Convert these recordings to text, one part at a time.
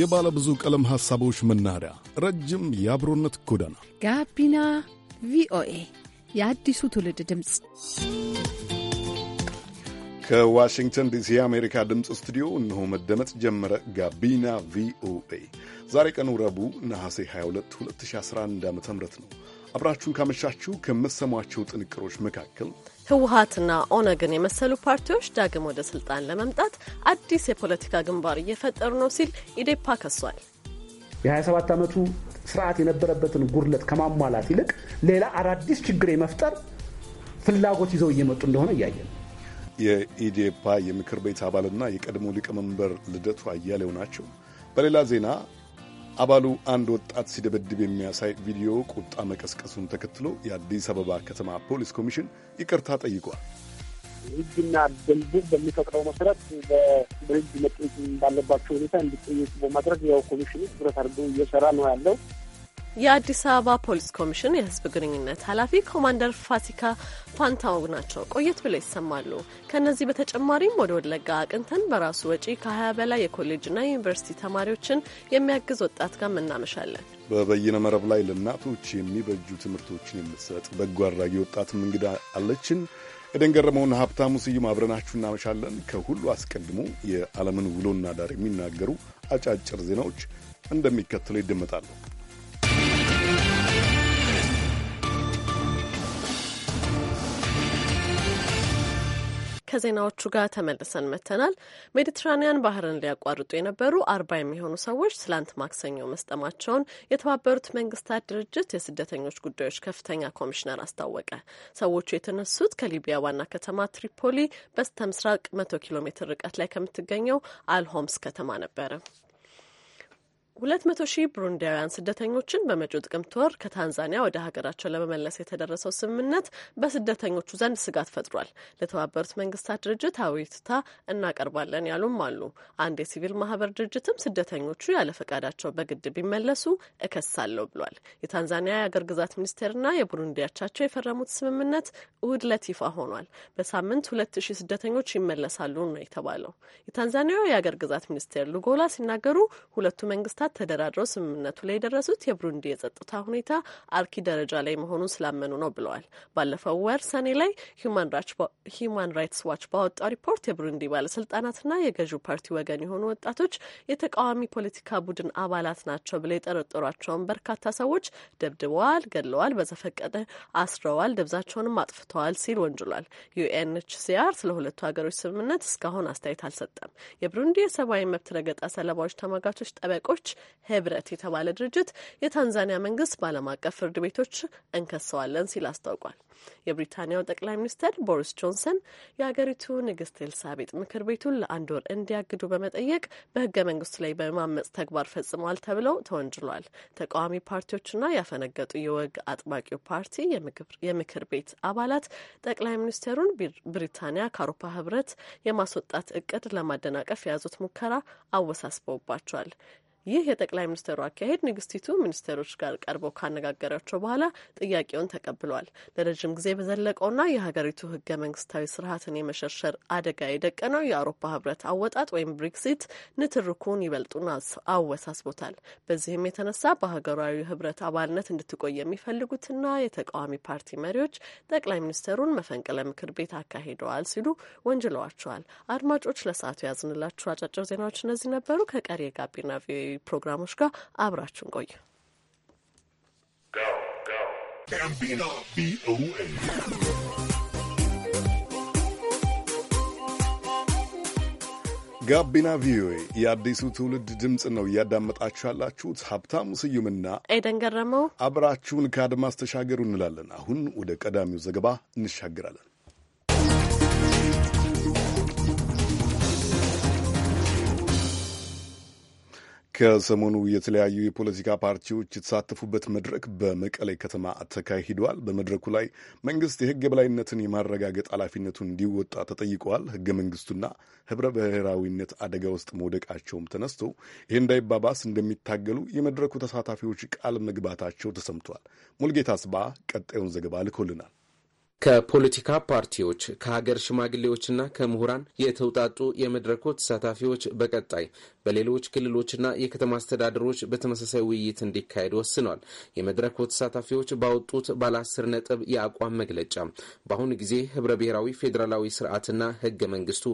የባለ ብዙ ቀለም ሐሳቦች መናኸሪያ፣ ረጅም የአብሮነት ጎዳና፣ ጋቢና ቪኦኤ የአዲሱ ትውልድ ድምፅ ከዋሽንግተን ዲሲ የአሜሪካ ድምፅ ስቱዲዮ እነሆ መደመጥ ጀመረ። ጋቢና ቪኦኤ ዛሬ ቀኑ ረቡዕ ነሐሴ 22 2011 ዓ ም ነው። አብራችሁን ካመሻችሁ ከምትሰሟቸው ጥንቅሮች መካከል ህወሀትና ኦነግን የመሰሉ ፓርቲዎች ዳግም ወደ ስልጣን ለመምጣት አዲስ የፖለቲካ ግንባር እየፈጠሩ ነው ሲል ኢዴፓ ከሷል። የ27 ዓመቱ ስርዓት የነበረበትን ጉድለት ከማሟላት ይልቅ ሌላ አዳዲስ ችግር የመፍጠር ፍላጎት ይዘው እየመጡ እንደሆነ እያየን የኢዴፓ የምክር ቤት አባልና የቀድሞ ሊቀመንበር ልደቱ አያሌው ናቸው። በሌላ ዜና አባሉ አንድ ወጣት ሲደበድብ የሚያሳይ ቪዲዮ ቁጣ መቀስቀሱን ተከትሎ የአዲስ አበባ ከተማ ፖሊስ ኮሚሽን ይቅርታ ጠይቋል። ሕግና ደንቡ በሚፈቅደው መሰረት በሕግ መጠየቅ ባለባቸው ሁኔታ እንዲጠየቁ በማድረግ ያው ኮሚሽኑ ትኩረት አድርጎ እየሰራ ነው ያለው። የአዲስ አበባ ፖሊስ ኮሚሽን የህዝብ ግንኙነት ኃላፊ ኮማንደር ፋሲካ ፋንታው ናቸው። ቆየት ብለው ይሰማሉ። ከእነዚህ በተጨማሪም ወደ ወለጋ አቅንተን በራሱ ወጪ ከ20 በላይ የኮሌጅና የዩኒቨርሲቲ ተማሪዎችን የሚያግዝ ወጣት ጋር እናመሻለን። በበይነ መረብ ላይ ለእናቶች የሚበጁ ትምህርቶችን የምትሰጥ በጎ አድራጊ ወጣትም እንግዳ አለችን። ኤደን ገረመውን ሀብታሙ ስዩም አብረናችሁ እናመሻለን። ከሁሉ አስቀድሞ የዓለምን ውሎና ዳር የሚናገሩ አጫጭር ዜናዎች እንደሚከተለው ይደመጣሉ። ከዜናዎቹ ጋር ተመልሰን መተናል። ሜዲትራኒያን ባህርን ሊያቋርጡ የነበሩ አርባ የሚሆኑ ሰዎች ትላንት ማክሰኞ መስጠማቸውን የተባበሩት መንግስታት ድርጅት የስደተኞች ጉዳዮች ከፍተኛ ኮሚሽነር አስታወቀ። ሰዎቹ የተነሱት ከሊቢያ ዋና ከተማ ትሪፖሊ በስተ ምስራቅ መቶ ኪሎ ሜትር ርቀት ላይ ከምትገኘው አልሆምስ ከተማ ነበረ። ሁለት መቶ ሺህ ብሩንዲያውያን ስደተኞችን በመጪው ጥቅምት ወር ከታንዛኒያ ወደ ሀገራቸው ለመመለስ የተደረሰው ስምምነት በስደተኞቹ ዘንድ ስጋት ፈጥሯል። ለተባበሩት መንግስታት ድርጅት አቤቱታ እናቀርባለን ያሉም አሉ። አንድ የሲቪል ማህበር ድርጅትም ስደተኞቹ ያለ ፈቃዳቸው በግድ ቢመለሱ እከሳለሁ ብሏል። የታንዛኒያ የአገር ግዛት ሚኒስቴርና የቡሩንዲ የፈረሙት ስምምነት እሁድ ዕለት ይፋ ሆኗል። በሳምንት ሁለት ሺህ ስደተኞች ይመለሳሉ ነው የተባለው። የታንዛኒያው የአገር ግዛት ሚኒስቴር ሉጎላ ሲናገሩ ሁለቱ መንግስታት ሀገራት ተደራድረው ስምምነቱ ላይ የደረሱት የብሩንዲ የጸጥታ ሁኔታ አርኪ ደረጃ ላይ መሆኑን ስላመኑ ነው ብለዋል። ባለፈው ወር ሰኔ ላይ ሂዩማን ራይትስ ዋች ባወጣው ሪፖርት የብሩንዲ ባለስልጣናትና የገዢው ፓርቲ ወገን የሆኑ ወጣቶች የተቃዋሚ ፖለቲካ ቡድን አባላት ናቸው ብለው የጠረጠሯቸውን በርካታ ሰዎች ደብድበዋል፣ ገለዋል፣ በዘፈቀደ አስረዋል፣ ደብዛቸውንም አጥፍተዋል ሲል ወንጅሏል። ዩኤንኤችሲአር ስለ ሁለቱ ሀገሮች ስምምነት እስካሁን አስተያየት አልሰጠም። የብሩንዲ የሰብአዊ መብት ረገጣ ሰለባዎች ተሟጋቾች ጠበቆች ህብረት የተባለ ድርጅት የታንዛኒያ መንግስት በዓለም አቀፍ ፍርድ ቤቶች እንከሰዋለን ሲል አስታውቋል። የብሪታንያው ጠቅላይ ሚኒስትር ቦሪስ ጆንሰን የአገሪቱ ንግስት ኤልሳቤጥ ምክር ቤቱን ለአንድ ወር እንዲያግዱ በመጠየቅ በህገ መንግስቱ ላይ በማመፅ ተግባር ፈጽመዋል ተብለው ተወንጅሏል። ተቃዋሚ ፓርቲዎችና ያፈነገጡ የወግ አጥባቂው ፓርቲ የምክር ቤት አባላት ጠቅላይ ሚኒስትሩን ብሪታንያ ከአውሮፓ ህብረት የማስወጣት እቅድ ለማደናቀፍ የያዙት ሙከራ አወሳስበውባቸዋል። ይህ የጠቅላይ ሚኒስትሩ አካሄድ ንግስቲቱ ሚኒስትሮች ጋር ቀርበው ካነጋገራቸው በኋላ ጥያቄውን ተቀብሏል። ለረዥም ጊዜ በዘለቀውና የሀገሪቱ ህገ መንግስታዊ ስርዓትን የመሸርሸር አደጋ የደቀነው የአውሮፓ ህብረት አወጣጥ ወይም ብሪክሲት ንትርኩን ይበልጡን አወሳስቦታል። በዚህም የተነሳ በሀገራዊ ህብረት አባልነት እንድትቆይ የሚፈልጉትና የተቃዋሚ ፓርቲ መሪዎች ጠቅላይ ሚኒስትሩን መፈንቅለ ምክር ቤት አካሂደዋል ሲሉ ወንጅለዋቸዋል። አድማጮች ለሰዓቱ ያዝንላችሁ አጫጭር ዜናዎች እነዚህ ነበሩ። ከቀሪ የጋቢና ቪኦኤ ፕሮግራሞች ጋር አብራችሁን ቆዩ። ጋቢና ቪኦኤ የአዲሱ ትውልድ ድምፅ ነው እያዳመጣችሁ ያላችሁት። ሀብታሙ ስዩምና ኤደን ገረመው አብራችሁን ከአድማስ ተሻገሩ እንላለን። አሁን ወደ ቀዳሚው ዘገባ እንሻገራለን። ከሰሞኑ የተለያዩ የፖለቲካ ፓርቲዎች የተሳተፉበት መድረክ በመቀሌ ከተማ ተካሂዷል። በመድረኩ ላይ መንግስት የህግ የበላይነትን የማረጋገጥ ኃላፊነቱን እንዲወጣ ተጠይቀዋል። ህገ መንግስቱና ህብረ ብሔራዊነት አደጋ ውስጥ መውደቃቸውም ተነስቶ ይህ እንዳይባባስ እንደሚታገሉ የመድረኩ ተሳታፊዎች ቃል መግባታቸው ተሰምቷል። ሙልጌታ ስባ ቀጣዩን ዘገባ ልኮልናል። ከፖለቲካ ፓርቲዎች ከሀገር ሽማግሌዎችና ከምሁራን የተውጣጡ የመድረኩ ተሳታፊዎች በቀጣይ በሌሎች ክልሎችና የከተማ አስተዳደሮች በተመሳሳይ ውይይት እንዲካሄድ ወስኗል። የመድረኩ ተሳታፊዎች ባወጡት ባለ አስር ነጥብ የአቋም መግለጫ በአሁኑ ጊዜ ህብረ ብሔራዊ ፌዴራላዊ ስርዓትና ህገ መንግስቱ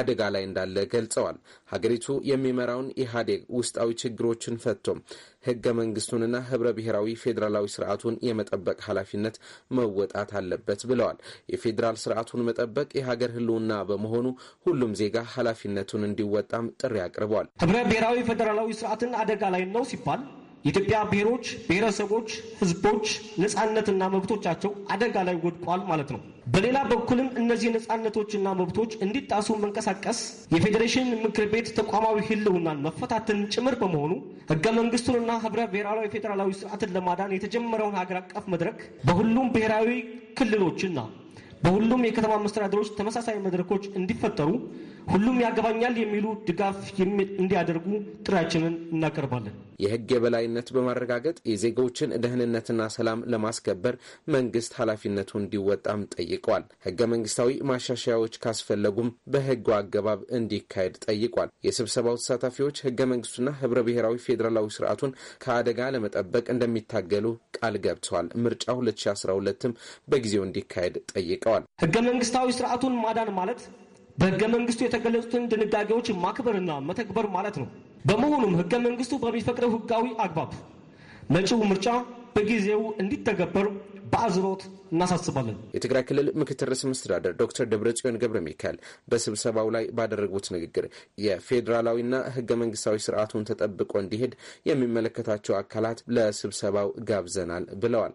አደጋ ላይ እንዳለ ገልጸዋል። ሀገሪቱ የሚመራውን ኢህአዴግ ውስጣዊ ችግሮችን ፈቶም ህገ መንግስቱንና ህብረ ብሔራዊ ፌዴራላዊ ስርዓቱን የመጠበቅ ኃላፊነት መወጣት አለበት ብለዋል። የፌዴራል ስርዓቱን መጠበቅ የሀገር ህልውና በመሆኑ ሁሉም ዜጋ ኃላፊነቱን እንዲወጣም ጥሪ አቅርቧል። ህብረ ብሔራዊ ፌዴራላዊ ስርዓትን አደጋ ላይ ነው ሲባል የኢትዮጵያ ብሔሮች፣ ብሔረሰቦች፣ ህዝቦች ነፃነትና መብቶቻቸው አደጋ ላይ ወድቋል ማለት ነው። በሌላ በኩልም እነዚህ ነፃነቶችና መብቶች እንዲጣሱ መንቀሳቀስ የፌዴሬሽን ምክር ቤት ተቋማዊ ህልውናን መፈታትን ጭምር በመሆኑ ህገ መንግስቱንና ህብረ ብሔራዊ ፌዴራላዊ ስርዓትን ለማዳን የተጀመረውን ሀገር አቀፍ መድረክ በሁሉም ብሔራዊ ክልሎችና በሁሉም የከተማ መስተዳደሮች ተመሳሳይ መድረኮች እንዲፈጠሩ ሁሉም ያገባኛል የሚሉ ድጋፍ እንዲያደርጉ ጥሪያችንን እናቀርባለን። የህግ የበላይነት በማረጋገጥ የዜጎችን ደህንነትና ሰላም ለማስከበር መንግስት ኃላፊነቱ እንዲወጣም ጠይቀዋል። ህገ መንግስታዊ ማሻሻያዎች ካስፈለጉም በህጉ አገባብ እንዲካሄድ ጠይቋል። የስብሰባው ተሳታፊዎች ህገ መንግስቱና ህብረ ብሔራዊ ፌዴራላዊ ስርዓቱን ከአደጋ ለመጠበቅ እንደሚታገሉ ቃል ገብተዋል። ምርጫ 2012ም በጊዜው እንዲካሄድ ጠይቀዋል። ህገ መንግስታዊ ስርዓቱን ማዳን ማለት በህገ መንግስቱ የተገለጹትን ድንጋጌዎች ማክበርና መተግበር ማለት ነው። በመሆኑም ህገ መንግስቱ በሚፈቅደው ህጋዊ አግባብ መጪው ምርጫ በጊዜው እንዲተገበር በአዝሮት እናሳስባለን። የትግራይ ክልል ምክትል ርዕሰ መስተዳደር ዶክተር ደብረጽዮን ገብረ ሚካኤል በስብሰባው ላይ ባደረጉት ንግግር የፌዴራላዊና ህገ መንግስታዊ ስርዓቱን ተጠብቆ እንዲሄድ የሚመለከታቸው አካላት ለስብሰባው ጋብዘናል ብለዋል።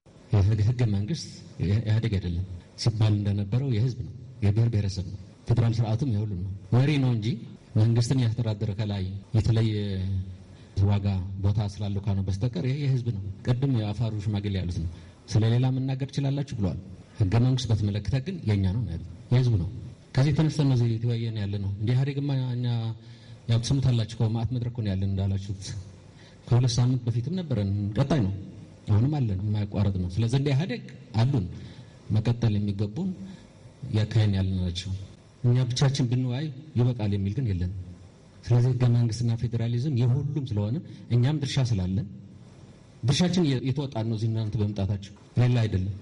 ህገ መንግስት ኢህአዴግ አይደለም ሲባል እንደነበረው የህዝብ ነው፣ የብሔር ብሔረሰብ ነው ፌዴራል ስርዓቱም ይሁሉ ወሪ ነው እንጂ መንግስትን ያስተዳደረ ከላይ የተለየ ዋጋ ቦታ ስላለው ካነው በስተቀር ይሄ የህዝብ ነው። ቅድም የአፋሩ ሽማግሌ ያሉት ነው። ስለሌላ መናገር ትችላላችሁ ብለዋል። ህገ መንግስት በተመለከተ ግን የእኛ ነው ያሉት የህዝቡ ነው። ከዚህ የተነሳ ነው የተወያየን ያለ ነው። እንደ ኢህአዴግማ እኛ ያው ትሰሙታላችሁ እኮ ማዕት መድረክ ነው ያለን እንዳላችሁት ከሁለት ሳምንት በፊትም ነበረን። ቀጣይ ነው አሁንም አለን የማያቋረጥ ነው። ስለዚህ እንደ ኢህአዴግ አሉን መቀጠል የሚገቡን ያካሄን ያለ ናቸው። እኛ ብቻችን ብንወያይ ይበቃል የሚል ግን የለን። ስለዚህ ህገ መንግስትና ፌዴራሊዝም የሁሉም ስለሆነ እኛም ድርሻ ስላለን ድርሻችን የተወጣን ነው። እዚህ እናንተ በመምጣታችሁ ሌላ አይደለም።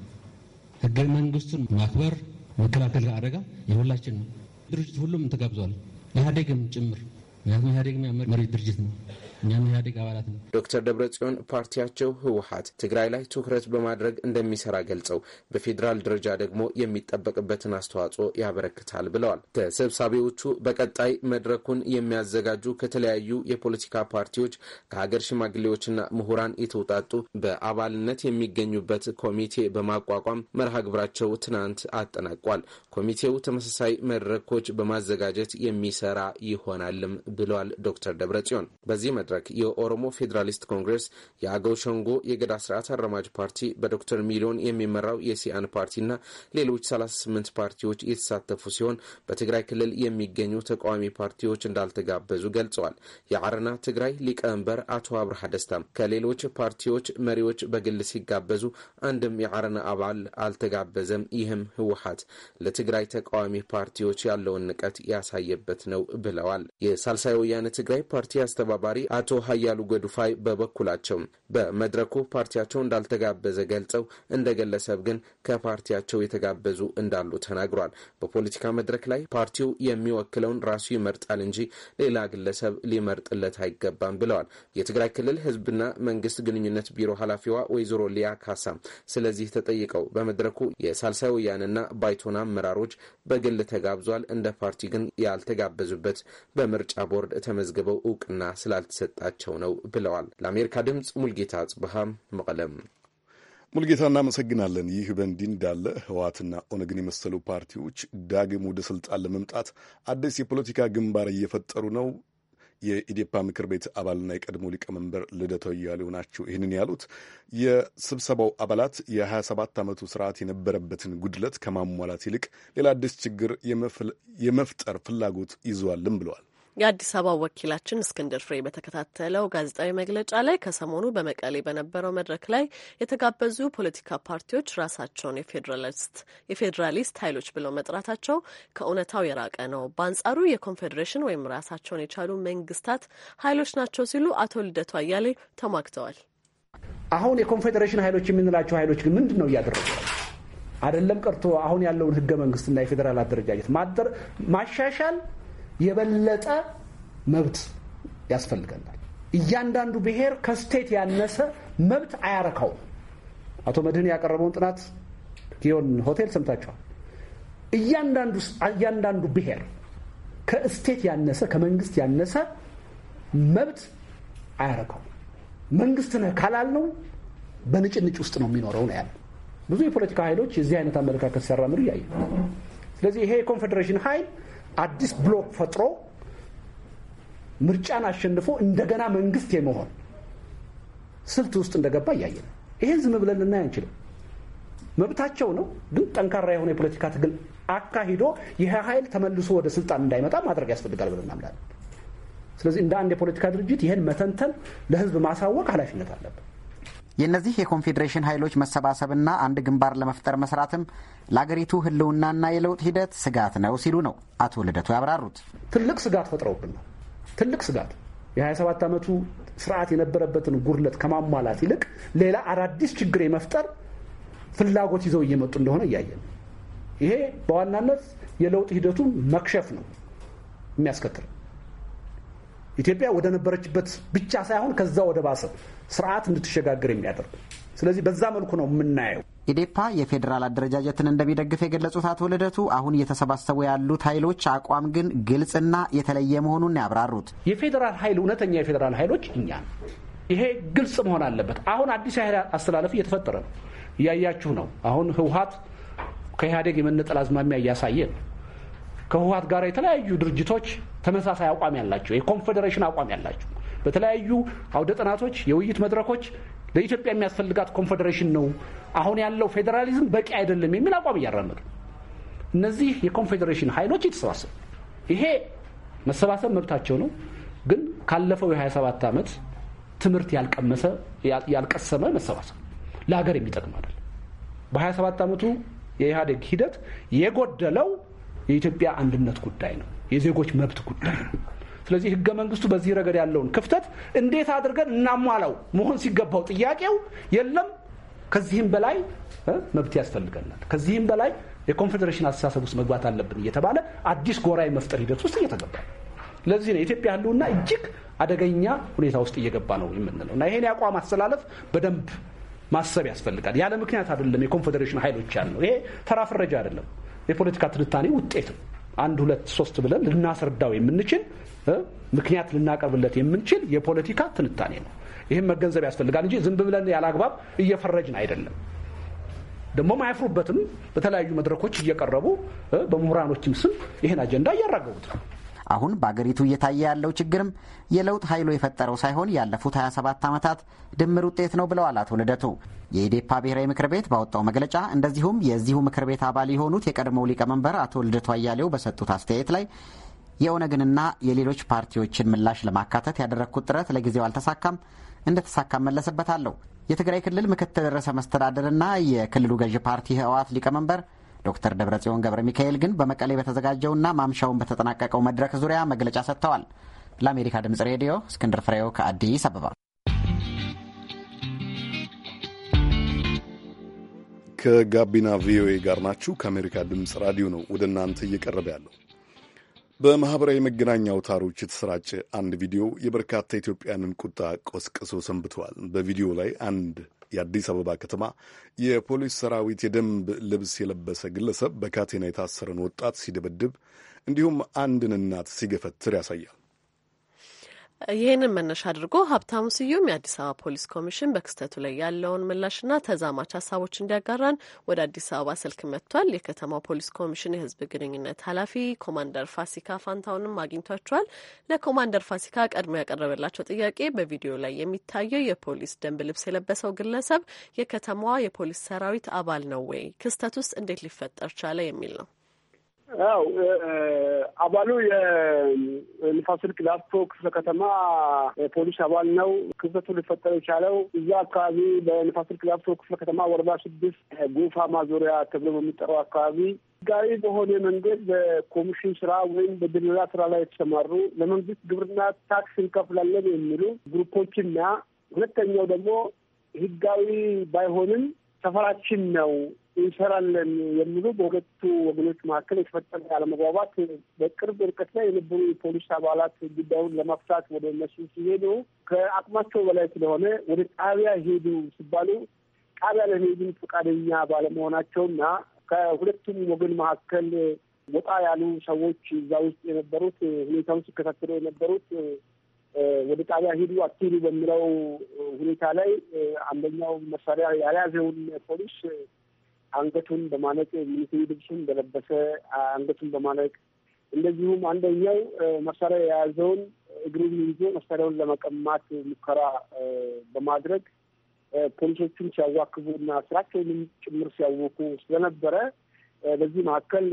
ህገ መንግስቱን ማክበር መከላከል አደጋ የሁላችን ነው። ድርጅት ሁሉም ተጋብዟል፣ ኢህአዴግም ጭምር። ምክንያቱም ኢህአዴግ መሪ ድርጅት ነው። እኛም ኢህአዴግ አባላት ነው። ዶክተር ደብረጽዮን ፓርቲያቸው ህወሀት ትግራይ ላይ ትኩረት በማድረግ እንደሚሰራ ገልጸው በፌዴራል ደረጃ ደግሞ የሚጠበቅበትን አስተዋጽኦ ያበረክታል ብለዋል። ተሰብሳቢዎቹ በቀጣይ መድረኩን የሚያዘጋጁ ከተለያዩ የፖለቲካ ፓርቲዎች ከሀገር ሽማግሌዎችና ምሁራን የተውጣጡ በአባልነት የሚገኙበት ኮሚቴ በማቋቋም መርሃ ግብራቸው ትናንት አጠናቋል። ኮሚቴው ተመሳሳይ መድረኮች በማዘጋጀት የሚሰራ ይሆናልም ብለዋል ዶክተር ደብረጽዮን በዚህ መድረክ መድረክ፣ የኦሮሞ ፌዴራሊስት ኮንግሬስ፣ የአገው ሸንጎ፣ የገዳ ስርዓት አራማጅ ፓርቲ፣ በዶክተር ሚሊዮን የሚመራው የሲአን ፓርቲና ሌሎች 38 ፓርቲዎች የተሳተፉ ሲሆን በትግራይ ክልል የሚገኙ ተቃዋሚ ፓርቲዎች እንዳልተጋበዙ ገልጸዋል። የአረና ትግራይ ሊቀመንበር አቶ አብርሃ ደስታም ከሌሎች ፓርቲዎች መሪዎች በግል ሲጋበዙ አንድም የአረና አባል አልተጋበዘም። ይህም ህወሀት ለትግራይ ተቃዋሚ ፓርቲዎች ያለውን ንቀት ያሳየበት ነው ብለዋል። የሳልሳይ ወያነ ትግራይ ፓርቲ አስተባባሪ አቶ ሀያሉ ገዱፋይ በበኩላቸው በመድረኩ ፓርቲያቸው እንዳልተጋበዘ ገልጸው እንደ ግለሰብ ግን ከፓርቲያቸው የተጋበዙ እንዳሉ ተናግሯል። በፖለቲካ መድረክ ላይ ፓርቲው የሚወክለውን ራሱ ይመርጣል እንጂ ሌላ ግለሰብ ሊመርጥለት አይገባም ብለዋል። የትግራይ ክልል ህዝብና መንግስት ግንኙነት ቢሮ ኃላፊዋ ወይዘሮ ሊያ ካሳ ስለዚህ ተጠይቀው በመድረኩ የሳልሳይ ወያንና ባይቶና አመራሮች በግል ተጋብዟል፣ እንደ ፓርቲ ግን ያልተጋበዙበት በምርጫ ቦርድ ተመዝግበው እውቅና ስላልተሰ እየተሰጣቸው ነው ብለዋል። ለአሜሪካ ድምፅ ሙልጌታ ጽብሃም መቀለም። ሙልጌታ እናመሰግናለን። ይህ በእንዲህ እንዳለ ህወሓትና ኦነግን የመሰሉ ፓርቲዎች ዳግም ወደ ስልጣን ለመምጣት አዲስ የፖለቲካ ግንባር እየፈጠሩ ነው። የኢዴፓ ምክር ቤት አባልና የቀድሞ ሊቀመንበር ልደተው አያሌው ናቸው ይህንን ያሉት። የስብሰባው አባላት የ27 ዓመቱ ስርዓት የነበረበትን ጉድለት ከማሟላት ይልቅ ሌላ አዲስ ችግር የመፍጠር ፍላጎት ይዘዋልም ብለዋል። የአዲስ አበባ ወኪላችን እስክንድር ፍሬ በተከታተለው ጋዜጣዊ መግለጫ ላይ ከሰሞኑ በመቀሌ በነበረው መድረክ ላይ የተጋበዙ ፖለቲካ ፓርቲዎች ራሳቸውን የፌዴራሊስት ኃይሎች ብለው መጥራታቸው ከእውነታው የራቀ ነው፣ በአንጻሩ የኮንፌዴሬሽን ወይም ራሳቸውን የቻሉ መንግስታት ኃይሎች ናቸው ሲሉ አቶ ልደቱ አያሌ ተሟግተዋል። አሁን የኮንፌዴሬሽን ኃይሎች የምንላቸው ኃይሎች ግን ምንድን ነው እያደረጉ አይደለም ቀርቶ አሁን ያለውን ህገ መንግስትና የፌዴራል አደረጃጀት ማሻሻል የበለጠ መብት ያስፈልገናል። እያንዳንዱ ብሔር ከስቴት ያነሰ መብት አያረካውም። አቶ መድህን ያቀረበውን ጥናት ጊዮን ሆቴል ሰምታችኋል። እያንዳንዱ ብሔር ከስቴት ያነሰ ከመንግስት ያነሰ መብት አያረካው መንግስት ነህ ካላልነው በንጭንጭ ውስጥ ነው የሚኖረው ነው ያለ። ብዙ የፖለቲካ ኃይሎች የዚህ አይነት አመለካከት ሲያራምዱ እያየ ስለዚህ ይሄ የኮንፌዴሬሽን ኃይል አዲስ ብሎክ ፈጥሮ ምርጫን አሸንፎ እንደገና መንግስት የመሆን ስልት ውስጥ እንደገባ ነው። ይሄን ዝም ብለን ልናይ አንችልም። መብታቸው ነው፣ ግን ጠንካራ የሆነ የፖለቲካ ትግል አካሂዶ ይህ ኃይል ተመልሶ ወደ ስልጣን እንዳይመጣ ማድረግ ያስፈልጋል ብለን እናምናለን። ስለዚህ እንደ አንድ የፖለቲካ ድርጅት ይህን መተንተን፣ ለህዝብ ማሳወቅ ኃላፊነት አለብን። የእነዚህ የኮንፌዴሬሽን ኃይሎች መሰባሰብና አንድ ግንባር ለመፍጠር መስራትም ለአገሪቱ ህልውናና የለውጥ ሂደት ስጋት ነው ሲሉ ነው አቶ ልደቱ ያብራሩት። ትልቅ ስጋት ፈጥረውብናል። ትልቅ ስጋት የ27 ዓመቱ ስርዓት የነበረበትን ጉድለት ከማሟላት ይልቅ ሌላ አዳዲስ ችግር የመፍጠር ፍላጎት ይዘው እየመጡ እንደሆነ እያየን ይሄ በዋናነት የለውጥ ሂደቱን መክሸፍ ነው የሚያስከትለው። ኢትዮጵያ ወደ ነበረችበት ብቻ ሳይሆን ከዛ ወደ ባሰ ስርዓት እንድትሸጋገር የሚያደርግ ስለዚህ በዛ መልኩ ነው የምናየው። ኢዴፓ የፌዴራል አደረጃጀትን እንደሚደግፍ የገለጹት አቶ ልደቱ አሁን እየተሰባሰቡ ያሉት ኃይሎች አቋም ግን ግልጽና የተለየ መሆኑን ያብራሩት የፌዴራል ኃይል እውነተኛ የፌዴራል ኃይሎች እኛ ይሄ ግልጽ መሆን አለበት። አሁን አዲስ የኃይል አስተላለፍ እየተፈጠረ ነው፣ እያያችሁ ነው። አሁን ህውሀት ከኢህአዴግ የመነጠል አዝማሚያ እያሳየ ነው። ከህወሀት ጋር የተለያዩ ድርጅቶች ተመሳሳይ አቋም ያላቸው የኮንፌዴሬሽን አቋም ያላቸው በተለያዩ አውደ ጥናቶች፣ የውይይት መድረኮች ለኢትዮጵያ የሚያስፈልጋት ኮንፌዴሬሽን ነው፣ አሁን ያለው ፌዴራሊዝም በቂ አይደለም የሚል አቋም እያራመዱ እነዚህ የኮንፌዴሬሽን ኃይሎች የተሰባሰቡ ይሄ መሰባሰብ መብታቸው ነው። ግን ካለፈው የ27 ዓመት ትምህርት ያልቀመሰ ያልቀሰመ መሰባሰብ ለሀገር የሚጠቅም አይደለም። በ27 ዓመቱ የኢህአዴግ ሂደት የጎደለው የኢትዮጵያ አንድነት ጉዳይ ነው፣ የዜጎች መብት ጉዳይ ነው። ስለዚህ ህገ መንግስቱ በዚህ ረገድ ያለውን ክፍተት እንዴት አድርገን እናሟላው መሆን ሲገባው ጥያቄው የለም፣ ከዚህም በላይ መብት ያስፈልገናል፣ ከዚህም በላይ የኮንፌዴሬሽን አስተሳሰብ ውስጥ መግባት አለብን እየተባለ አዲስ ጎራ መፍጠር ሂደት ውስጥ እየተገባ ለዚህ ነው የኢትዮጵያ ህልውና እጅግ አደገኛ ሁኔታ ውስጥ እየገባ ነው የምንለው እና ይሄን የአቋም አስተላለፍ በደንብ ማሰብ ያስፈልጋል። ያለ ምክንያት አይደለም የኮንፌዴሬሽን ኃይሎች ያልነው። ይሄ ተራ ፍረጃ አይደለም። የፖለቲካ ትንታኔ ውጤት ነው። አንድ ሁለት ሶስት ብለን ልናስረዳው የምንችል ምክንያት ልናቀርብለት የምንችል የፖለቲካ ትንታኔ ነው። ይህም መገንዘብ ያስፈልጋል እንጂ ዝም ብለን ያለአግባብ እየፈረጅን አይደለም። ደግሞ አያፍሩበትም። በተለያዩ መድረኮች እየቀረቡ በምሁራኖችም ስም ይህን አጀንዳ እያራገቡት ነው። አሁን በአገሪቱ እየታየ ያለው ችግርም የለውጥ ኃይሉ የፈጠረው ሳይሆን ያለፉት 27 ዓመታት ድምር ውጤት ነው ብለዋል አቶ ልደቱ። የኢዴፓ ብሔራዊ ምክር ቤት ባወጣው መግለጫ እንደዚሁም የዚሁ ምክር ቤት አባል የሆኑት የቀድሞው ሊቀመንበር አቶ ልደቱ አያሌው በሰጡት አስተያየት ላይ የኦነግንና የሌሎች ፓርቲዎችን ምላሽ ለማካተት ያደረግኩት ጥረት ለጊዜው አልተሳካም። እንደተሳካ መለስበታለሁ። የትግራይ ክልል ምክትል ርዕሰ መስተዳድርና የክልሉ ገዢ ፓርቲ ህወሓት ሊቀመንበር ዶክተር ደብረጽዮን ገብረ ሚካኤል ግን በመቀሌ በተዘጋጀውና ማምሻውን በተጠናቀቀው መድረክ ዙሪያ መግለጫ ሰጥተዋል። ለአሜሪካ ድምጽ ሬዲዮ እስክንድር ፍሬው ከአዲስ አበባ። ከጋቢና ቪኦኤ ጋር ናችሁ። ከአሜሪካ ድምፅ ራዲዮ ነው ወደ እናንተ እየቀረበ ያለው በማኅበራዊ መገናኛ አውታሮች የተሰራጨ አንድ ቪዲዮ የበርካታ ኢትዮጵያንን ቁጣ ቆስቅሶ ሰንብተዋል። በቪዲዮ ላይ አንድ የአዲስ አበባ ከተማ የፖሊስ ሰራዊት የደንብ ልብስ የለበሰ ግለሰብ በካቴና የታሰረን ወጣት ሲደበድብ፣ እንዲሁም አንድን እናት ሲገፈትር ያሳያል። ይህንን መነሻ አድርጎ ሀብታሙ ስዩም የአዲስ አበባ ፖሊስ ኮሚሽን በክስተቱ ላይ ያለውን ምላሽና ተዛማች ሀሳቦች እንዲያጋራን ወደ አዲስ አበባ ስልክ መጥቷል። የከተማው ፖሊስ ኮሚሽን የህዝብ ግንኙነት ኃላፊ ኮማንደር ፋሲካ ፋንታውንም አግኝቷቸዋል። ለኮማንደር ፋሲካ ቀድሞ ያቀረበላቸው ጥያቄ በቪዲዮ ላይ የሚታየው የፖሊስ ደንብ ልብስ የለበሰው ግለሰብ የከተማዋ የፖሊስ ሰራዊት አባል ነው ወይ? ክስተት ውስጥ እንዴት ሊፈጠር ቻለ? የሚል ነው። ያው አባሉ የንፋስ ስልክ ላፍቶ ክፍለ ከተማ ፖሊስ አባል ነው። ክፍተቱ ሊፈጠር የቻለው እዛ አካባቢ በንፋስ ስልክ ላፍቶ ክፍለ ከተማ ወረዳ ስድስት ጉፋ ማዞሪያ ተብሎ በሚጠራው አካባቢ ህጋዊ በሆነ መንገድ በኮሚሽን ስራ ወይም በድለላ ስራ ላይ የተሰማሩ ለመንግስት ግብርና ታክስ እንከፍላለን የሚሉ ግሩፖችና ሁለተኛው ደግሞ ህጋዊ ባይሆንም ሰፈራችን ነው እንሰራለን የሚሉ በሁለቱ ወገኖች መካከል የተፈጠረ አለመግባባት በቅርብ ርቀት ላይ የነበሩ የፖሊስ አባላት ጉዳዩን ለመፍታት ወደ እነሱ ሲሄዱ ከአቅማቸው በላይ ስለሆነ ወደ ጣቢያ ሄዱ ሲባሉ ጣቢያ ለመሄድም ፈቃደኛ ባለመሆናቸውና ከሁለቱም ወገን መካከል ወጣ ያሉ ሰዎች እዛ ውስጥ የነበሩት ሁኔታውን ሲከታተሉ የነበሩት ወደ ጣቢያ ሂዱ አትሂዱ በሚለው ሁኔታ ላይ አንደኛው መሳሪያ ያልያዘውን ፖሊስ አንገቱን በማነቅ ሚሊተሪ ልብሱን በለበሰ አንገቱን በማነቅ እንደዚሁም አንደኛው መሳሪያ የያዘውን እግሩን ይዞ መሳሪያውን ለመቀማት ሙከራ በማድረግ ፖሊሶቹን ሲያዋክቡ እና ስራቸውንም ጭምር ሲያወቁ ስለነበረ በዚህ መካከል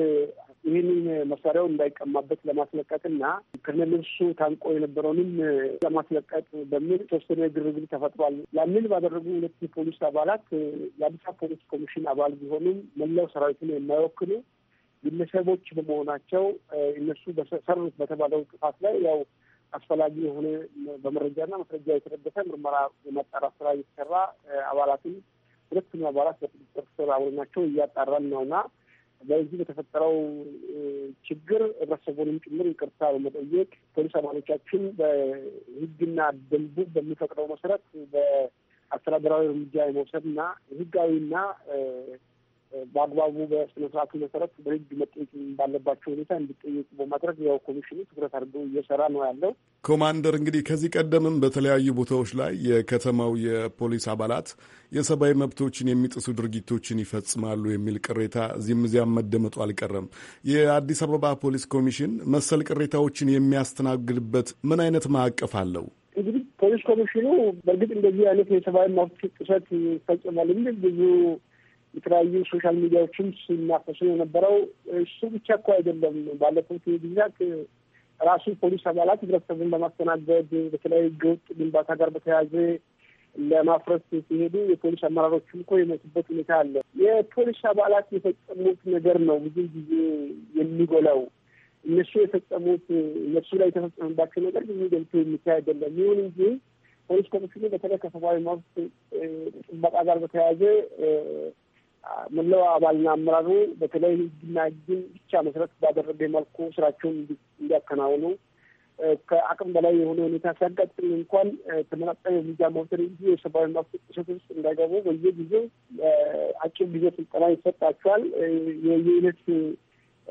ይህንን መሳሪያውን እንዳይቀማበት ለማስለቀቅና ከነልብሱ ታንቆ የነበረውንም ለማስለቀቅ በሚል ተወሰነ ግርግር ተፈጥሯል። ያንን ባደረጉ ሁለት የፖሊስ አባላት የአዲስ አበባ ፖሊስ ኮሚሽን አባል ቢሆኑም መላው ሰራዊትን የማይወክሉ ግለሰቦች በመሆናቸው እነሱ በሰሩት በተባለው ጥፋት ላይ ያው አስፈላጊ የሆነ በመረጃና ማስረጃ የተደገፈ ምርመራ የማጣራት ስራ እየተሰራ አባላትም ሁለቱም አባላት በቁጥጥር ስር አውለናቸው እያጣራን ነውና በዚህ በተፈጠረው ችግር ህብረተሰቡንም ጭምር ይቅርታ በመጠየቅ ፖሊስ አባሎቻችን በህግና ደንቡ በሚፈቅደው መሰረት በአስተዳደራዊ እርምጃ የመውሰድና ህጋዊና በአግባቡ በስነስርዓቱ መሰረት በህግ መጠየቅ ባለባቸው ሁኔታ እንዲጠየቁ በማድረግ ያው ኮሚሽኑ ትኩረት አድርጎ እየሰራ ነው ያለው። ኮማንደር እንግዲህ ከዚህ ቀደምም በተለያዩ ቦታዎች ላይ የከተማው የፖሊስ አባላት የሰብአዊ መብቶችን የሚጥሱ ድርጊቶችን ይፈጽማሉ የሚል ቅሬታ እዚህም እዚያም መደመጡ አልቀረም። የአዲስ አበባ ፖሊስ ኮሚሽን መሰል ቅሬታዎችን የሚያስተናግድበት ምን አይነት ማዕቀፍ አለው? እንግዲህ ፖሊስ ኮሚሽኑ በእርግጥ እንደዚህ አይነት የሰብአዊ መብት ጥሰት ይፈጽማል የሚል ብዙ የተለያዩ ሶሻል ሚዲያዎችም ሲናፈሱ የነበረው እሱ ብቻ እኮ አይደለም። ባለፉት ጊዜያት ራሱ ፖሊስ አባላት ህብረተሰብን ለማስተናገድ በተለያዩ ህገወጥ ግንባታ ጋር በተያያዘ ለማፍረስ ሲሄዱ የፖሊስ አመራሮችም እኮ የመቱበት ሁኔታ አለ። የፖሊስ አባላት የፈጸሙት ነገር ነው ብዙ ጊዜ የሚጎላው። እነሱ የፈጸሙት እነሱ ላይ የተፈጸመባቸው ነገር ብዙ ገልቶ የሚታይ አይደለም። ይሁን እንጂ ፖሊስ ኮሚሽኑ በተለይ ከሰብአዊ መብት ጥበቃ ጋር በተያያዘ መላው አባልና አመራሩ በተለይ ህግና ህግን ብቻ መሰረት ባደረገ መልኩ ስራቸውን እንዲያከናውኑ ከአቅም በላይ የሆነ ሁኔታ ሲያጋጥም እንኳን ተመጣጣኝ እርምጃ መውሰድ እንጂ የሰብአዊ መብት ጥሰት ውስጥ እንዳይገቡ በየጊዜው አጭር ጊዜ ስልጠና ይሰጣቸዋል። የየዕለት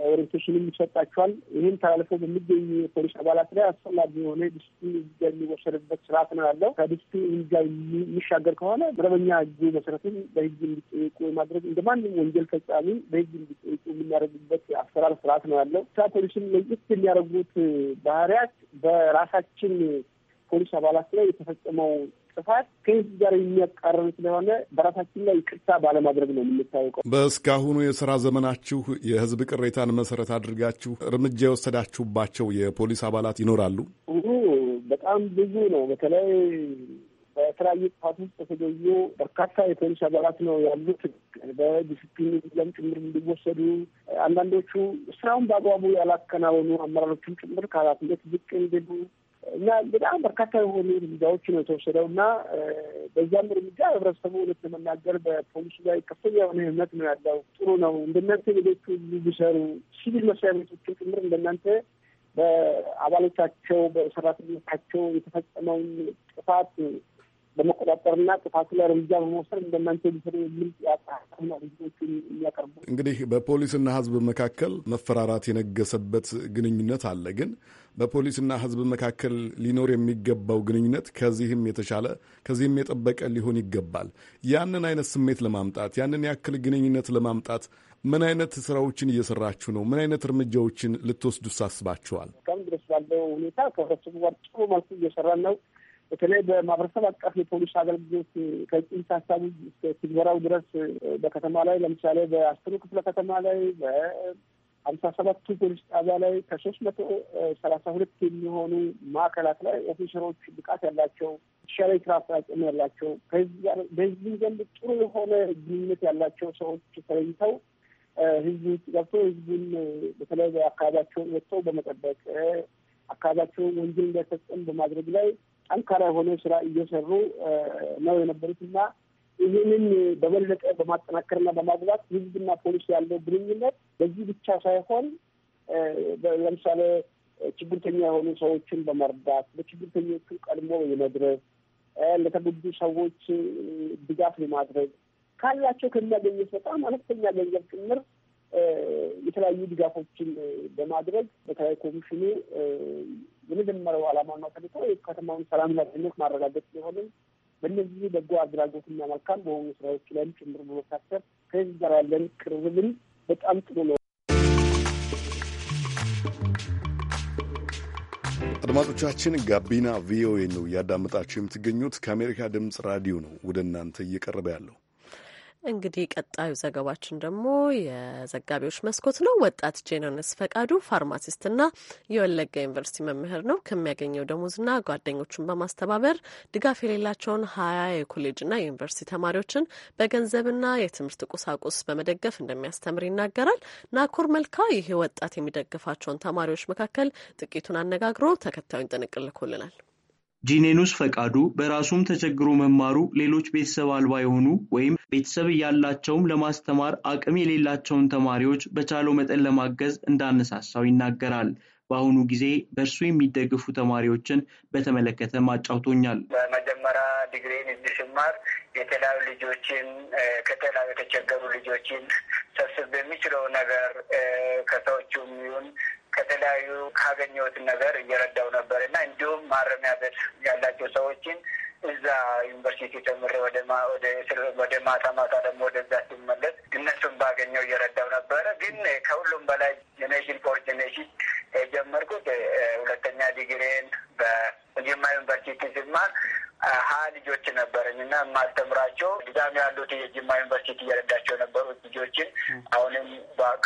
ኦሪንቴሽን ይሰጣቸዋል። ይህም ተላልፎ በሚገኙ የፖሊስ አባላት ላይ አስፈላጊ የሆነ ዲስፕሊን እርምጃ የሚወሰድበት ስርዓት ነው ያለው። ከዲስፕሊን እርምጃ የሚሻገር ከሆነ መደበኛ ሕጉ መሰረትም በሕግ እንዲጠይቁ የማድረግ እንደ ማንም ወንጀል ፈጻሚ በሕግ እንዲጠይቁ የምናደርግበት አሰራር ስርዓት ነው ያለው። ሳ ፖሊስም ለየት የሚያደርጉት ባህሪያት በራሳችን ፖሊስ አባላት ላይ የተፈጸመው ጥፋት ከህዝብ ጋር የሚያቃረን ስለሆነ በራሳችን ላይ ይቅርታ ባለማድረግ ነው የምንታወቀው። በእስካሁኑ የስራ ዘመናችሁ የህዝብ ቅሬታን መሰረት አድርጋችሁ እርምጃ የወሰዳችሁባቸው የፖሊስ አባላት ይኖራሉ? በጣም ብዙ ነው። በተለይ በተለያዩ ጥፋት ውስጥ የተገኙ በርካታ የፖሊስ አባላት ነው ያሉት። በዲስፕሊን ለም ጭምር እንዲወሰዱ አንዳንዶቹ ስራውን በአግባቡ ያላከናወኑ አመራሮችም ጭምር ከኃላፊነት ዝቅ እንዲሉ እና በጣም በርካታ የሆኑ እርምጃዎች ነው የተወሰደው እና በዚያም እርምጃ ህብረተሰቡ እውነት ለመናገር በፖሊሱ ላይ ከፍተኛ የሆነ እምነት ነው ያለው። ጥሩ ነው። እንደናንተ ሌሎቹ ቢሰሩ ሲቪል መስሪያ ቤቶችን ጭምር እንደናንተ በአባሎቻቸው በሰራተኞቻቸው የተፈጸመውን ጥፋት በመቆጣጠርና ጥፋቱ ላይ እርምጃ በመውሰድ እንደናንተ ሊሰሩ የሚል ያጣና ልጆቹ የሚያቀርቡ እንግዲህ በፖሊስና ህዝብ መካከል መፈራራት የነገሰበት ግንኙነት አለ። ግን በፖሊስና ህዝብ መካከል ሊኖር የሚገባው ግንኙነት ከዚህም የተሻለ ከዚህም የጠበቀ ሊሆን ይገባል። ያንን አይነት ስሜት ለማምጣት ያንን ያክል ግንኙነት ለማምጣት ምን አይነት ስራዎችን እየሰራችሁ ነው? ምን አይነት እርምጃዎችን ልትወስዱ ሳስባችኋል? እስካሁን ድረስ ባለው ሁኔታ ከህብረተሰቡ ጋር ጥሩ መልኩ እየሰራን ነው። በተለይ በማህበረሰብ አቀፍ የፖሊስ አገልግሎት ከጽንሰ ሀሳቡ እስከ ትግበራው ድረስ በከተማ ላይ ለምሳሌ በአስሩ ክፍለ ከተማ ላይ በሀምሳ ሰባቱ ፖሊስ ጣቢያ ላይ ከሶስት መቶ ሰላሳ ሁለት የሚሆኑ ማዕከላት ላይ ኦፊሰሮች ብቃት ያላቸው የተሻለ ስራ አፈጻጸም ያላቸው በህዝብ ዘንድ ጥሩ የሆነ ግንኙነት ያላቸው ሰዎች ተለይተው ህዝብ ውስጥ ገብቶ ህዝቡን በተለይ አካባቢያቸውን ወጥተው በመጠበቅ አካባቢያቸውን ወንጀል እንዳይፈጸም በማድረግ ላይ ጠንካራ የሆነ ስራ እየሰሩ ነው የነበሩት እና ይህንን በበለጠ በማጠናከርና በማግባት ህዝብና ፖሊስ ያለው ግንኙነት በዚህ ብቻ ሳይሆን ለምሳሌ ችግርተኛ የሆኑ ሰዎችን በመርዳት በችግርተኞቹ ቀድሞ የመድረስ ለተጎዱ ሰዎች ድጋፍ የማድረግ ካላቸው ከሚያገኙት በጣም አነስተኛ ገንዘብ ጭምር የተለያዩ ድጋፎችን በማድረግ በተለይ ኮሚሽኑ የመጀመሪያው ዓላማና ተልዕኮ የከተማውን ሰላምና ደህንነት ማረጋገጥ ሲሆንም በእነዚህ በጎ አድራጎትና መልካም በሆኑ ስራዎች ላይም ጭምር በመሳተፍ ከህዝብ ጋር ያለን ቅርብብን በጣም ጥሩ ነው። አድማጮቻችን ጋቢና ቪኦኤ ነው እያዳመጣችሁ የምትገኙት። ከአሜሪካ ድምፅ ራዲዮ ነው ወደ እናንተ እየቀረበ ያለው። እንግዲህ ቀጣዩ ዘገባችን ደግሞ የዘጋቢዎች መስኮት ነው። ወጣት ጄኖነስ ፈቃዱ ፋርማሲስትና የወለጋ ዩኒቨርሲቲ መምህር ነው። ከሚያገኘው ደሞዝና ጓደኞቹን በማስተባበር ድጋፍ የሌላቸውን ሀያ የኮሌጅና የዩኒቨርሲቲ ተማሪዎችን በገንዘብና የትምህርት ቁሳቁስ በመደገፍ እንደሚያስተምር ይናገራል። ናኮር መልካ ይሄ ወጣት የሚደግፋቸውን ተማሪዎች መካከል ጥቂቱን አነጋግሮ ተከታዩን ጥንቅል ልኮልናል። ጂኔኑስ ፈቃዱ በራሱም ተቸግሮ መማሩ ሌሎች ቤተሰብ አልባ የሆኑ ወይም ቤተሰብ እያላቸውም ለማስተማር አቅም የሌላቸውን ተማሪዎች በቻለው መጠን ለማገዝ እንዳነሳሳው ይናገራል። በአሁኑ ጊዜ በእርሱ የሚደግፉ ተማሪዎችን በተመለከተ አጫውቶኛል። በመጀመሪያ ዲግሪን እንዲስማር የተለያዩ ልጆችን ከተለያዩ የተቸገሩ ልጆችን ሰብስብ በሚችለው ነገር ከሰዎቹም ይሁን ከተለያዩ ካገኘሁት ነገር እየረዳው ነበር እና እንዲሁም ማረሚያ ቤት ያላቸው ሰዎችን እዛ ዩኒቨርሲቲ ተምሬ ወደ ማታ ማታ ደግሞ ወደዛ ሲመለስ እነሱን ባገኘው እየረዳው ነበረ። ግን ከሁሉም በላይ ጄኔሬሽን ፎር ጄኔሬሽን የጀመርኩት ሁለተኛ ዲግሪን በጅማ ዩኒቨርሲቲ ስማር ሀያ ልጆች ነበረኝ እና የማስተምራቸው ድጋሚ ያሉት የጅማ ዩኒቨርሲቲ እየረዳቸው የነበሩት ልጆችን አሁንም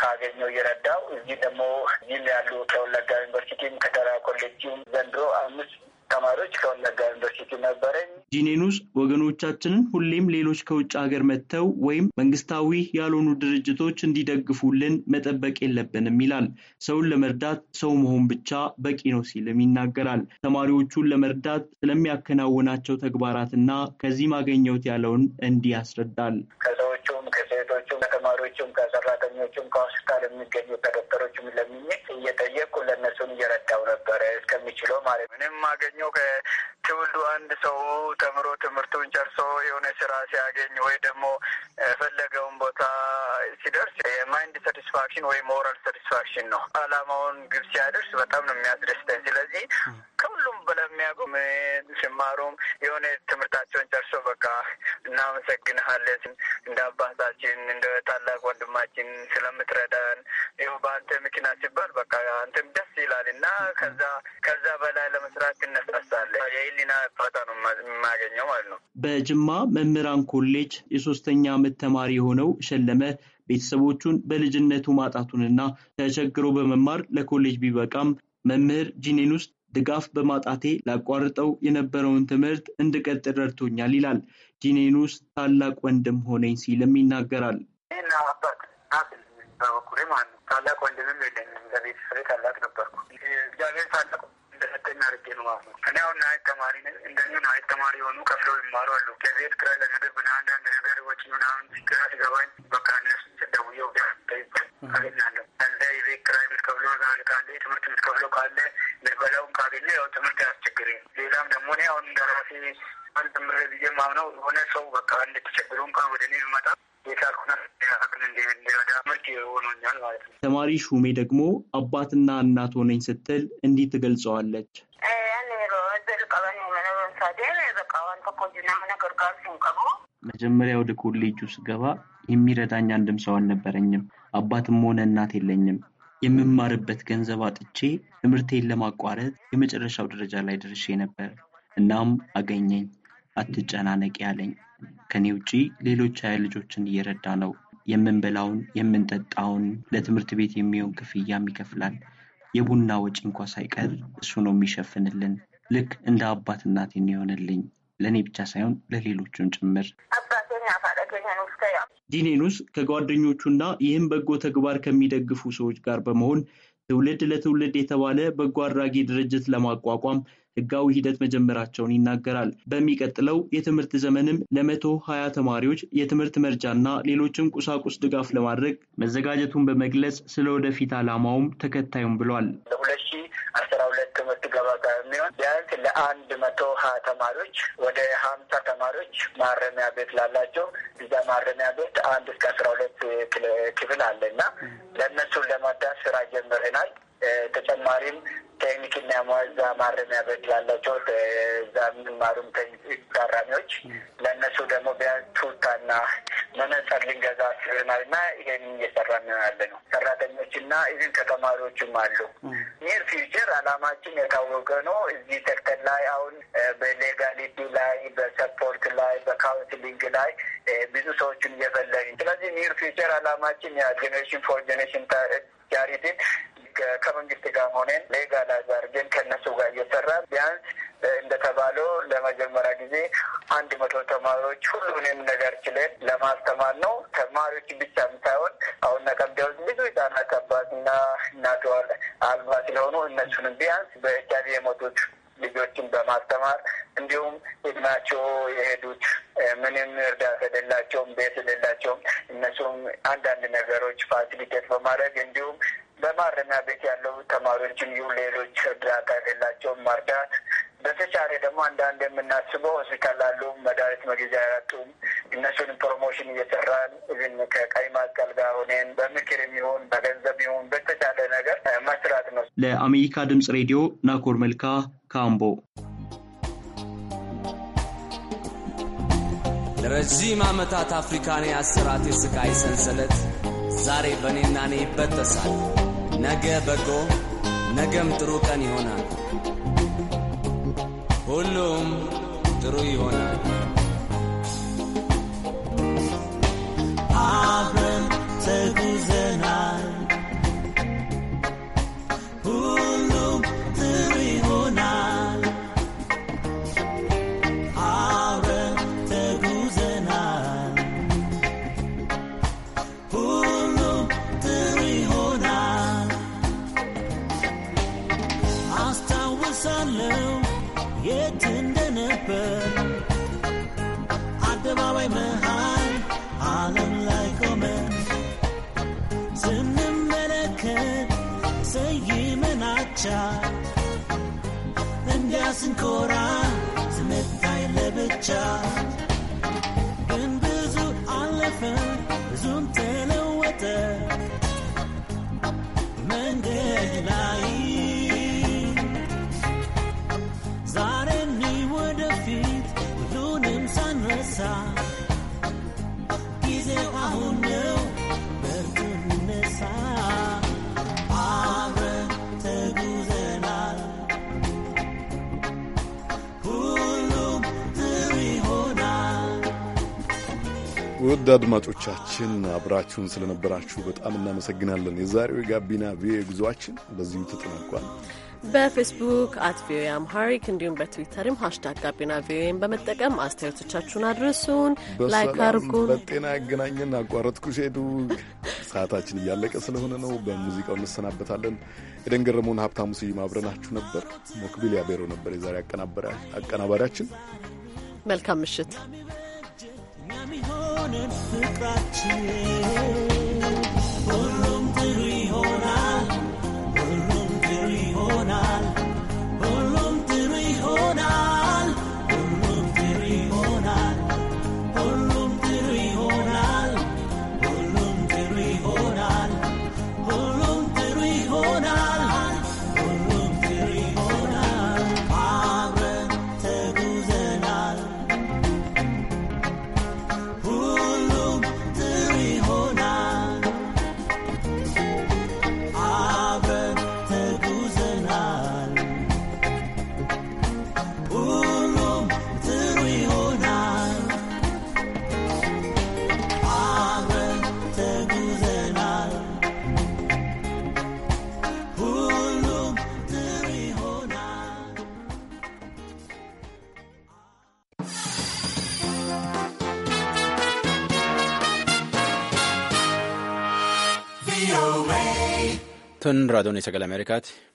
ካገኘው እየረዳው እዚህ ደግሞ እዚህም ያሉ ከወለጋ ዩኒቨርሲቲም ከተራ ኮሌጅም ዘንድሮ አምስት ተማሪዎች ከወለጋ ዩኒቨርሲቲ ነበረኝ። ጂኔን ወገኖቻችንን ሁሌም ሌሎች ከውጭ ሀገር መጥተው ወይም መንግስታዊ ያልሆኑ ድርጅቶች እንዲደግፉልን መጠበቅ የለብንም ይላል። ሰውን ለመርዳት ሰው መሆን ብቻ በቂ ነው ሲልም ይናገራል። ተማሪዎቹን ለመርዳት ስለሚያከናውናቸው ተግባራትና ከዚህ ማገኘውት ያለውን እንዲህ ያስረዳል። ጓደኞችም ከሆስፒታል የሚገኙ ከዶክተሮችም ለሚኝት እየጠየቁ ለእነሱን እየረዳው ነበረ እስከሚችለው ማለት ነው። ምንም አገኘው ከትውልዱ አንድ ሰው ተምሮ ትምህርቱን ጨርሶ የሆነ ስራ ሲያገኝ ወይ ደግሞ የፈለገውን ቦታ ሲደርስ የማይንድ ሳቲስፋክሽን ወይ ሞራል ሳቲስፋክሽን ነው። አላማውን ግብ ሲያደርስ በጣም ነው የሚያስደስተኝ። ስለዚህ ከሁሉም በላይ የሚያውቁም ሲማሩም የሆነ ትምህርታቸውን ጨርሶ በቃ እናመሰግንሃለን እንደ አባታችን እንደ ታላቅ ወንድማችን ስለምትረዳን ይኸው በአንተ መኪና ሲባል በቃ አንተም ደስ ይላል እና ከዛ ከዛ በላይ ለመስራት ትነሳሳለህ። የህሊና እርካታ ነው የማገኘው ማለት ነው። በጅማ መምህራን ኮሌጅ የሶስተኛ ዓመት ተማሪ የሆነው ሸለመ ቤተሰቦቹን በልጅነቱ ማጣቱንና ተቸግሮ በመማር ለኮሌጅ ቢበቃም መምህር ጂኔን ውስጥ ድጋፍ በማጣቴ ላቋርጠው የነበረውን ትምህርት እንድቀጥል ረድቶኛል ይላል። ጂኔን ውስጥ ታላቅ ወንድም ሆነኝ ሲልም ይናገራል። አባቴ በበኩሌ ማለት ነው። ታላቅ ወንድምም የለኝም። ለቤተሰብ ታላቅ ነበርኩ። እግዚአብሔር ታላቁ እንደሰጠኝ አድርጌ ነው ማለት ነው። እኔ አሁን ናይት ተማሪ ነኝ። እንደዚህ ናይት ተማሪ የሆኑ ከፍለው ይማሩ አሉ። ከቤት ክራይ ለምግብ ና አንዳንድ ነገር ወጪ ምናምን ግራ ሲገባኝ በቃ እነሱ ደውዬ ወዲያ ይባል አገኛለሁ። እንደ የቤት ክራይ የምትከፍለው ዛል ካለ ትምህርት የምትከፍለው ካለ ምትበላውን ካገኘ ያው ትምህርት አያስቸግርም። ሌላም ደግሞ እኔ አሁን እንደራሴ አንድ ምር ብዬ ማምነው የሆነ ሰው በቃ እንድትቸግሩ እንኳን ወደ እኔ ይመጣል ተማሪ ሹሜ ደግሞ አባትና እናት ሆነኝ ስትል እንዲህ ትገልጸዋለች። መጀመሪያ ወደ ኮሌጁ ስገባ የሚረዳኝ አንድም ሰው አልነበረኝም። አባትም ሆነ እናት የለኝም። የምማርበት ገንዘብ አጥቼ ትምህርቴን ለማቋረጥ የመጨረሻው ደረጃ ላይ ደርሼ ነበር። እናም አገኘኝ። አትጨናነቅ ያለኝ። ከኔ ውጪ ሌሎች ሀያ ልጆችን እየረዳ ነው። የምንበላውን የምንጠጣውን፣ ለትምህርት ቤት የሚሆን ክፍያም ይከፍላል። የቡና ወጪ እንኳ ሳይቀር እሱ ነው የሚሸፍንልን። ልክ እንደ አባት እናቴ የሆነልኝ፣ ለእኔ ብቻ ሳይሆን ለሌሎቹም ጭምር። ዲኔኑስ ከጓደኞቹና ይህም በጎ ተግባር ከሚደግፉ ሰዎች ጋር በመሆን ትውልድ ለትውልድ የተባለ በጎ አድራጊ ድርጅት ለማቋቋም ህጋዊ ሂደት መጀመራቸውን ይናገራል። በሚቀጥለው የትምህርት ዘመንም ለመቶ ሀያ ተማሪዎች የትምህርት መርጃና ሌሎችም ቁሳቁስ ድጋፍ ለማድረግ መዘጋጀቱን በመግለጽ ስለ ወደፊት ዓላማውም ተከታዩም ብሏል። ቢያንስ ለአንድ መቶ ሀያ ተማሪዎች ወደ ሀምሳ ተማሪዎች ማረሚያ ቤት ላላቸው እዛ ማረሚያ ቤት አንድ እስከ አስራ ሁለት ክፍል አለ እና ለእነሱን ለማዳስ ስራ ጀምረናል። ተጨማሪም ቴክኒክና ሙዛ ማረሚያ ቤት ላላቸው እዛ የሚማሩም ታራሚዎች ለእነሱ ደግሞ ቢያንስ ቱታና መነጸር ልንገዛ አስበናል እና ይሄን እየሰራን ያለ ነው። ሰራተኞችና እዚህም ከተማሪዎችም አሉ። ኒር ፊውቸር አላማችን የታወቀ ነው። እዚህ ሴክተር ላይ አሁን በሌጋሊቲ ላይ፣ በሰፖርት ላይ፣ በካውንስሊንግ ላይ ብዙ ሰዎችን እየፈለግን ስለዚህ ኒር ፊውቸር አላማችን ያ ጄኔሬሽን ፎር ጄኔሬሽን ቻሪቲን ከመንግስት ጋር ሆነን ሌጋል አድርገን ከነሱ ጋር እየሰራ ቢያንስ እንደተባለው ለመጀመሪያ ጊዜ አንድ መቶ ተማሪዎች ሁሉንም ነገር ችለን ለማስተማር ነው። ተማሪዎች ብቻም ሳይሆን አሁን ነቀምቴ ውስጥ ብዙ ህጻናት አባትና እናት አልባ ስለሆኑ እነሱንም ቢያንስ በኤች አይቪ የሞቱት ልጆችን በማስተማር እንዲሁም እድናቸው የሄዱት ምንም እርዳታ የሌላቸውም ቤት የሌላቸውም እነሱም አንዳንድ ነገሮች ፋሲሊቴት በማድረግ እንዲሁም በማረሚያ ቤት ያለው ተማሪዎችን ይሁ ሌሎች እርዳታ የሌላቸውም ማርዳት በተቻለ ደግሞ አንዳንድ የምናስበው ሆስፒታል ላሉ መድኃኒት መግዣ ያጡም እነሱን ፕሮሞሽን እየሰራን ግን ከቀይ መስቀል ጋር ሆነን በምክር የሚሆን በገንዘብ ይሁን በተቻለ ነገር መስራት ነው። ለአሜሪካ ድምጽ ሬዲዮ ናኮር መልካ ካምቦ። ለረዥም ዓመታት አፍሪካን የአሰራት የስቃይ ሰንሰለት ዛሬ በእኔና እኔ ይበጠሳል። ነገ በጎ ነገም ጥሩ ቀን ይሆናል። ሁሉም ጥሩ ይሆናል። አብረን ተጉዘናል። እንዲያ ስንኮራ ስንታይ ለብቻ ግን ብዙ አለፈ ብዙም ተለወጠ ውድ አድማጮቻችን አብራችሁን ስለነበራችሁ በጣም እናመሰግናለን። የዛሬው የጋቢና ቪኦኤ ጉዞችን በዚሁ ተጠናቋል። በፌስቡክ አት ቪኦኤ አምሃሪክ እንዲሁም በትዊተርም ሀሽታግ ጋቢና ቪኦኤን በመጠቀም አስተያየቶቻችሁን አድርሱን፣ ላይክ አድርጉን። በጤና ያገናኘን። አቋረጥኩ ሄዱ። ሰዓታችን እያለቀ ስለሆነ ነው። በሙዚቃው እንሰናበታለን። የደን ገረመውን ሀብታሙ ስዩም አብረናችሁ ነበር። ሞክቢል ያቤሮ ነበር የዛሬ አቀናባሪያችን። መልካም ምሽት። ፍቅራችን ሁሉም ጥሩ ይሆናል። Tun raadoon sagalee Ameerikaati.